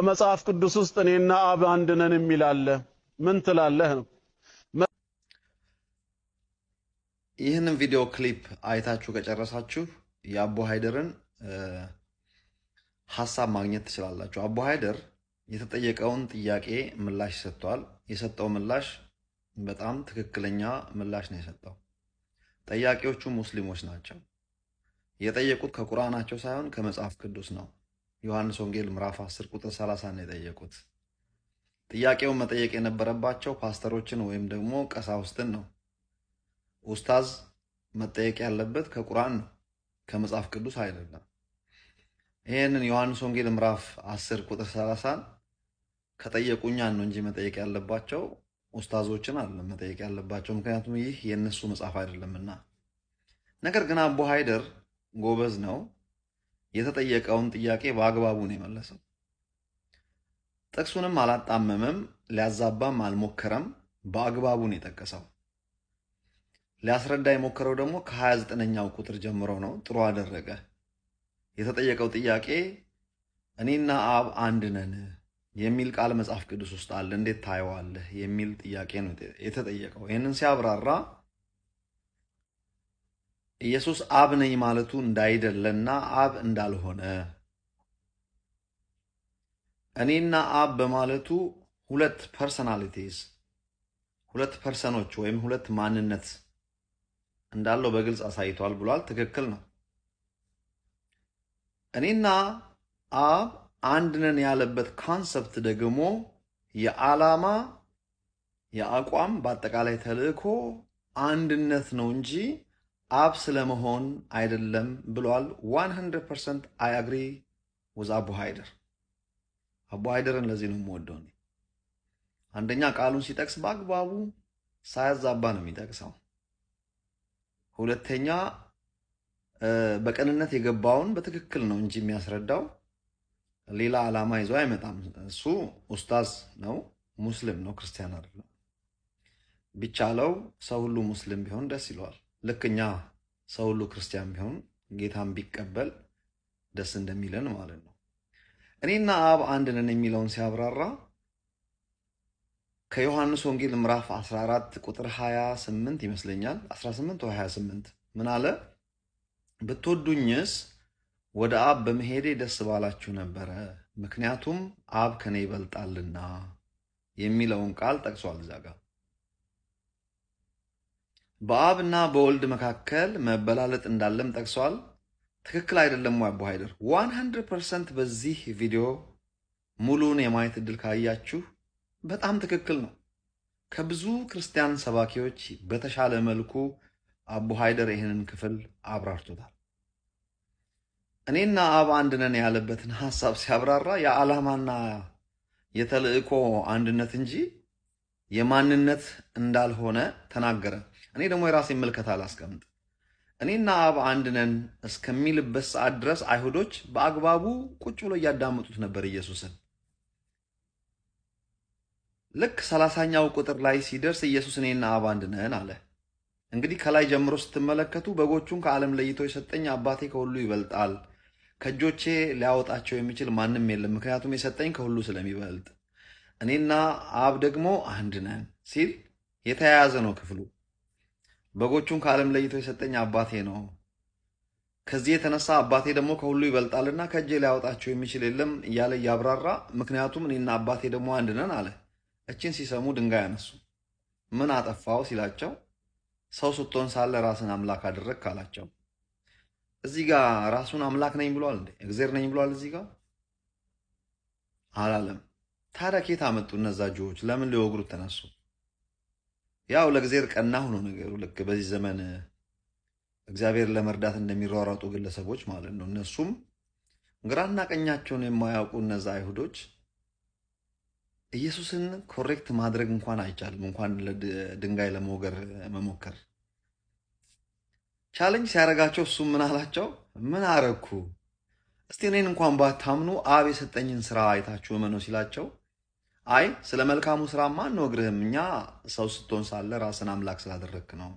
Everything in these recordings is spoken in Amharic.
በመጽሐፍ ቅዱስ ውስጥ እኔና አብ አንድ ነን የሚል አለ። ምን ትላለህ ነው? ይህንን ቪዲዮ ክሊፕ አይታችሁ ከጨረሳችሁ የአቡ ሀይደርን ሀሳብ ማግኘት ትችላላችሁ። አቡ ሀይደር የተጠየቀውን ጥያቄ ምላሽ ሰጥቷል። የሰጠው ምላሽ በጣም ትክክለኛ ምላሽ ነው የሰጠው። ጠያቂዎቹ ሙስሊሞች ናቸው። የጠየቁት ከቁርአናቸው ሳይሆን ከመጽሐፍ ቅዱስ ነው። ዮሐንስ ወንጌል ምዕራፍ 10 ቁጥር 30 ነው የጠየቁት። ጥያቄውን መጠየቅ የነበረባቸው ፓስተሮችን ወይም ደግሞ ቀሳውስትን ነው። ኡስታዝ መጠየቅ ያለበት ከቁርአን ነው፣ ከመጽሐፍ ቅዱስ አይደለም። ይህንን ዮሐንስ ወንጌል ምዕራፍ 10 ቁጥር 30 ከጠየቁኛ ነው እንጂ መጠየቅ ያለባቸው ኡስታዞችን አለ መጠየቅ ያለባቸው፣ ምክንያቱም ይህ የእነሱ መጽሐፍ አይደለምና። ነገር ግን አቡ ሃይደር ጎበዝ ነው። የተጠየቀውን ጥያቄ በአግባቡ ነው የመለሰው። ጥቅሱንም አላጣመመም፣ ሊያዛባም አልሞከረም። በአግባቡ ነው የጠቀሰው። ሊያስረዳ የሞከረው ደግሞ ከ29ኛው ቁጥር ጀምሮ ነው። ጥሩ አደረገ። የተጠየቀው ጥያቄ እኔና አብ አንድ ነን የሚል ቃል መጽሐፍ ቅዱስ ውስጥ አለ፣ እንዴት ታየዋለህ? የሚል ጥያቄ ነው የተጠየቀው። ይህንን ሲያብራራ ኢየሱስ አብ ነኝ ማለቱ እንዳይደለና አብ እንዳልሆነ እኔና አብ በማለቱ ሁለት ፐርሰናሊቲስ ሁለት ፐርሰኖች ወይም ሁለት ማንነት እንዳለው በግልጽ አሳይቷል ብሏል። ትክክል ነው። እኔና አብ አንድ ነን ያለበት ካንሰፕት ደግሞ የዓላማ የአቋም በአጠቃላይ ተልዕኮ አንድነት ነው እንጂ አብ ስለመሆን አይደለም ብሏል። 100 ፐርሰንት አይ አግሪ ወዝ አቡ ሃይደር። አቡ ሃይደርን ለዚህ ነው የምወደው። አንደኛ ቃሉን ሲጠቅስ በአግባቡ ሳያዛባ ነው የሚጠቅሰው። ሁለተኛ በቅንነት የገባውን በትክክል ነው እንጂ የሚያስረዳው ሌላ ዓላማ ይዞ አይመጣም። እሱ ኡስታዝ ነው፣ ሙስሊም ነው፣ ክርስቲያን አይደለም። ቢቻለው ሰው ሁሉ ሙስሊም ቢሆን ደስ ይለዋል። ልክ እኛ ሰው ሁሉ ክርስቲያን ቢሆን ጌታን ቢቀበል ደስ እንደሚለን ማለት ነው። እኔና አብ አንድ ነን የሚለውን ሲያብራራ ከዮሐንስ ወንጌል ምዕራፍ 14 ቁጥር 28 ይመስለኛል 18 ወይ 28 ምን አለ? ብትወዱኝስ ወደ አብ በመሄዴ ደስ ባላችሁ ነበረ፣ ምክንያቱም አብ ከኔ ይበልጣልና የሚለውን ቃል ጠቅሷል እዛ ጋር በአብና በወልድ መካከል መበላለጥ እንዳለም ጠቅሰዋል። ትክክል አይደለም ወይ አቡ ሀይደር? 100 በዚህ ቪዲዮ ሙሉን የማየት እድል ካያችሁ በጣም ትክክል ነው። ከብዙ ክርስቲያን ሰባኪዎች በተሻለ መልኩ አቡ ሀይደር ይህንን ክፍል አብራርቶታል። እኔና አብ አንድነን ያለበትን ሀሳብ ሲያብራራ የዓላማና የተልዕኮ አንድነት እንጂ የማንነት እንዳልሆነ ተናገረ። እኔ ደግሞ የራሴ ምልከታ አላስቀምጥ እኔና አብ አንድ ነን እስከሚልበት ሰዓት ድረስ አይሁዶች በአግባቡ ቁጭ ብሎ እያዳመጡት ነበር ኢየሱስን። ልክ ሰላሳኛው ቁጥር ላይ ሲደርስ ኢየሱስ እኔና አብ አንድ ነን አለ። እንግዲህ ከላይ ጀምሮ ስትመለከቱ በጎቹን ከዓለም ለይቶ የሰጠኝ አባቴ ከሁሉ ይበልጣል፣ ከእጆቼ ሊያወጣቸው የሚችል ማንም የለም፣ ምክንያቱም የሰጠኝ ከሁሉ ስለሚበልጥ፣ እኔና አብ ደግሞ አንድ ነን ሲል የተያያዘ ነው ክፍሉ። በጎቹን ከዓለም ለይቶ የሰጠኝ አባቴ ነው። ከዚህ የተነሳ አባቴ ደግሞ ከሁሉ ይበልጣልና ከእጄ ሊያወጣቸው የሚችል የለም እያለ እያብራራ፣ ምክንያቱም እኔና አባቴ ደግሞ አንድ ነን አለ። እችን ሲሰሙ ድንጋይ አነሱ። ምን አጠፋው ሲላቸው ሰው ስትሆን ሳለ ራስን አምላክ አደረግ ካላቸው እዚህ ጋር ራሱን አምላክ ነኝ ብሏል እንዴ? እግዜር ነኝ ብሏል እዚህ ጋር አላለም። ታዲያ አመጡ? እነዛ ጆዎች ለምን ሊወግሩት ተነሱ? ያው ለእግዚአብሔር ቀናሁ ነው ነገሩ። ልክ በዚህ ዘመን እግዚአብሔር ለመርዳት እንደሚሯሯጡ ግለሰቦች ማለት ነው። እነሱም ግራና ቀኛቸውን የማያውቁ እነዛ አይሁዶች ኢየሱስን ኮሬክት ማድረግ እንኳን አይቻልም፣ እንኳን ድንጋይ ለመውገር መሞከር። ቻለንጅ ሲያደርጋቸው እሱም ምን አላቸው? ምን አረግኩ? እስቲ እኔን እንኳን ባታምኑ አብ የሰጠኝን ስራ አይታችሁ እመኑ ሲላቸው አይ ስለ መልካሙ ስራማ አንወግርህም፣ እኛ ሰው ስትሆን ሳለ ራስን አምላክ ስላደረግክ ነው።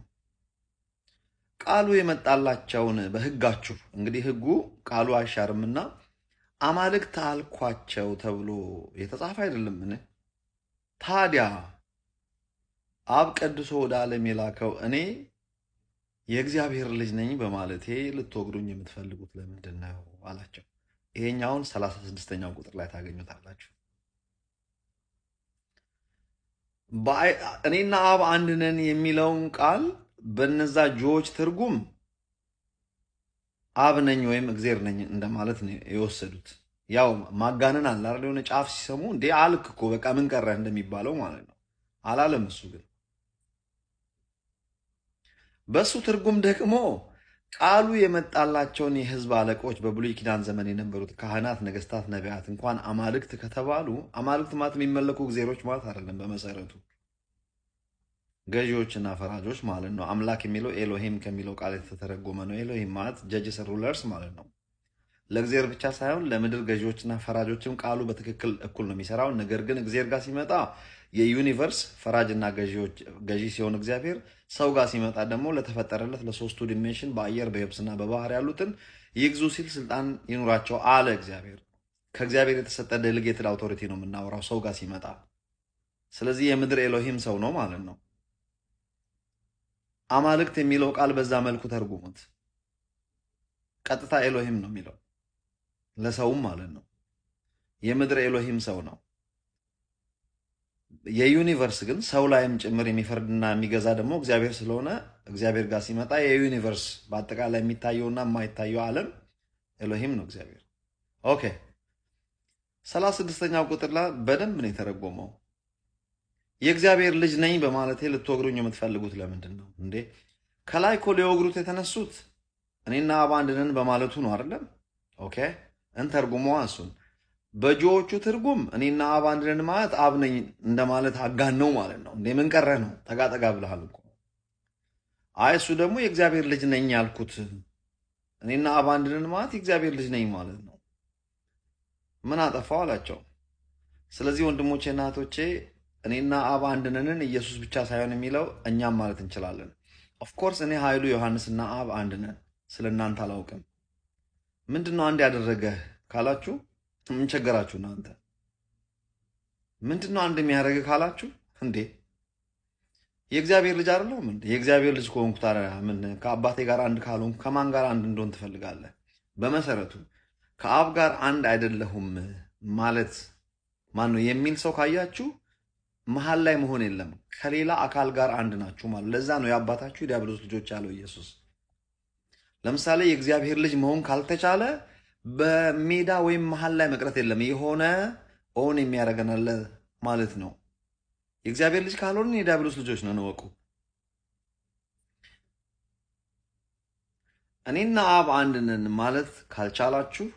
ቃሉ የመጣላቸውን በህጋችሁ እንግዲህ ህጉ ቃሉ አይሻርምና አማልክት አልኳቸው ተብሎ የተጻፈ አይደለምን? ታዲያ አብ ቀድሶ ወደ ዓለም የላከው እኔ የእግዚአብሔር ልጅ ነኝ በማለቴ ልትወግዱኝ የምትፈልጉት ለምንድን ነው አላቸው። ይሄኛውን ሰላሳ ስድስተኛው ቁጥር ላይ ታገኙታላችሁ። እኔና አብ አንድ ነን የሚለውን ቃል በነዛ ጆዎች ትርጉም አብ ነኝ ወይም እግዜር ነኝ እንደማለት ነው የወሰዱት። ያው ማጋነን አለ አይደል? የሆነ ጫፍ ሲሰሙ እንዴ አልክ እኮ በቃ ምን ቀረህ እንደሚባለው ማለት ነው አላለም። እሱ ግን በእሱ ትርጉም ደግሞ ቃሉ የመጣላቸውን የህዝብ አለቆች በብሉይ ኪዳን ዘመን የነበሩት ካህናት፣ ነገስታት፣ ነቢያት እንኳን አማልክት ከተባሉ አማልክት ማለት የሚመለኩ እግዜሮች ማለት አይደለም። በመሰረቱ ገዢዎችና ፈራጆች ማለት ነው። አምላክ የሚለው ኤሎሄም ከሚለው ቃል የተተረጎመ ነው። ኤሎሄም ማለት ጀጅስ ሩለርስ ማለት ነው። ለእግዚአብሔር ብቻ ሳይሆን ለምድር ገዢዎችና ፈራጆችም ቃሉ በትክክል እኩል ነው የሚሰራው። ነገር ግን እግዚአብሔር ጋር ሲመጣ የዩኒቨርስ ፈራጅና ገዢ ሲሆን እግዚአብሔር ሰው ጋር ሲመጣ ደግሞ ለተፈጠረለት ለሶስቱ ዲሜንሽን በአየር በየብስና በባህር ያሉትን ይግዙ ሲል ስልጣን ይኑራቸው አለ እግዚአብሔር። ከእግዚአብሔር የተሰጠ ዴሌጌትድ አውቶሪቲ ነው የምናወራው ሰው ጋር ሲመጣ። ስለዚህ የምድር ኤሎሂም ሰው ነው ማለት ነው። አማልክት የሚለው ቃል በዛ መልኩ ተርጉሙት። ቀጥታ ኤሎሂም ነው የሚለው ለሰውም ማለት ነው። የምድር ኤሎሂም ሰው ነው። የዩኒቨርስ ግን ሰው ላይም ጭምር የሚፈርድና የሚገዛ ደግሞ እግዚአብሔር ስለሆነ እግዚአብሔር ጋር ሲመጣ የዩኒቨርስ በአጠቃላይ የሚታየውና የማይታየው ዓለም ኤሎሂም ነው እግዚአብሔር። ኦኬ ሰላሳ ስድስተኛው ቁጥር ላይ በደንብ ነው የተረጎመው። የእግዚአብሔር ልጅ ነኝ በማለት ልትወግሩኝ የምትፈልጉት ለምንድን ነው እንዴ? ከላይ እኮ ሊወግሩት የተነሱት እኔና አብ አንድ ነን በማለቱ ነው አይደለም? ኦኬ እንተርጉሞ እሱን በጆዎቹ ትርጉም እኔና አብ አንድ ነን ማለት አብ ነኝ እንደማለት አጋን ነው ማለት ነው። እንዴ ምን ቀረህ ነው? ተጋጠጋ ብለሃል እኮ። አይ እሱ ደግሞ የእግዚአብሔር ልጅ ነኝ ያልኩት እኔና አብ አንድ ነን ማለት የእግዚአብሔር ልጅ ነኝ ማለት ነው። ምን አጠፋው አላቸው። ስለዚህ ወንድሞቼ እናቶቼ እኔና አብ አንድ ነንን ኢየሱስ ብቻ ሳይሆን የሚለው እኛም ማለት እንችላለን። ኦፍኮርስ እኔ ኃይሉ ዮሐንስና አብ አንድ ነን። ስለ እናንተ አላውቅም ምንድን ነው አንድ ያደረገህ ካላችሁ ምን ቸገራችሁ እናንተ? ምንድን ነው አንድ የሚያደርግህ ካላችሁ እንዴ የእግዚአብሔር ልጅ አይደለሁም እንዴ? የእግዚአብሔር ልጅ ከሆንኩ ታዲያ ምን ከአባቴ ጋር አንድ ካልሆንኩ ከማን ጋር አንድ እንደሆን ትፈልጋለህ? በመሰረቱ ከአብ ጋር አንድ አይደለሁም ማለት ማን ነው የሚል ሰው ካያችሁ መሀል ላይ መሆን የለም ከሌላ አካል ጋር አንድ ናችሁ ማለት። ለዛ ነው የአባታችሁ የዲያብሎስ ልጆች ያለው ኢየሱስ ለምሳሌ የእግዚአብሔር ልጅ መሆን ካልተቻለ በሜዳ ወይም መሀል ላይ መቅረት የለም። የሆነ ኦን የሚያደርገናል ማለት ነው። የእግዚአብሔር ልጅ ካልሆንን የዲያብሎስ ልጆች ነን፣ እወቁ። እኔና አብ አንድ ማለት ካልቻላችሁ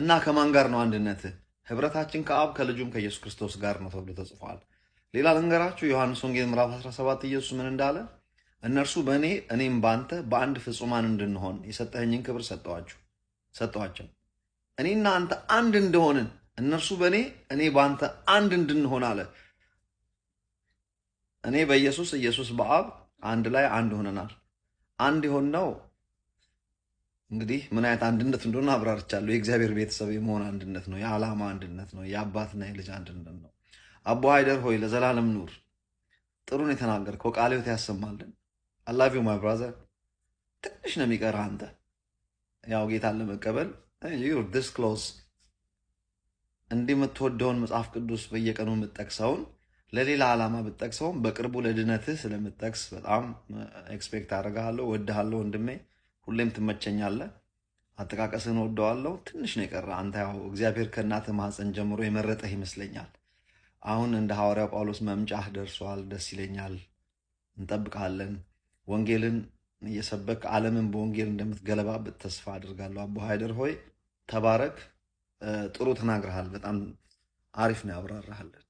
እና ከማን ጋር ነው አንድነት? ህብረታችን ከአብ ከልጁም ከኢየሱስ ክርስቶስ ጋር ነው ተብሎ ተጽፏል። ሌላ ልንገራችሁ፣ ዮሐንስ ወንጌል ምዕራፍ 17 ኢየሱስ ምን እንዳለ እነርሱ በእኔ እኔም በአንተ በአንድ ፍጹማን እንድንሆን የሰጠኸኝን ክብር ሰጠኋቸው ሰጠኋቸው። እኔና አንተ አንድ እንደሆንን እነርሱ በእኔ እኔ ባንተ አንድ እንድንሆን አለ። እኔ በኢየሱስ ኢየሱስ በአብ አንድ ላይ አንድ ሆነናል። አንድ ነው እንግዲህ ምን አይነት አንድነት እንደሆነ አብራርቻለሁ። የእግዚአብሔር ቤተሰብ የመሆን አንድነት ነው። የዓላማ አንድነት ነው። የአባትና የልጅ አንድነት ነው። አቦ ሀይደር ሆይ ለዘላለም ኑር። ጥሩን የተናገርከው ቃልዮት ያሰማልን። አላቪው ማይ ብራዘር ትንሽ ነው የሚቀር አንተ ያው ጌታን ለመቀበል ዲስ ክሎዝ እንዲህ የምትወደውን መጽሐፍ ቅዱስ በየቀኑ የምጠቅሰውን ለሌላ ዓላማ ብጠቅሰውን በቅርቡ ለድነትህ ስለምጠቅስ በጣም ኤክስፔክት አደርግሃለሁ። ወድሃለሁ ወንድሜ፣ ሁሌም ትመቸኛለህ። አጠቃቀስህን ወደዋለሁ። ትንሽ ነው የቀረ አንተ ያው እግዚአብሔር ከእናትህ ማህፀን ጀምሮ የመረጠህ ይመስለኛል። አሁን እንደ ሐዋርያው ጳውሎስ መምጫህ ደርሷል። ደስ ይለኛል። እንጠብቃለን። ወንጌልን እየሰበክ ዓለምን በወንጌል እንደምትገለባብጥ ተስፋ አድርጋለሁ። አቡ ሀይደር ሆይ ተባረክ። ጥሩ ተናግረሃል። በጣም አሪፍ ነው ያብራራሃለን።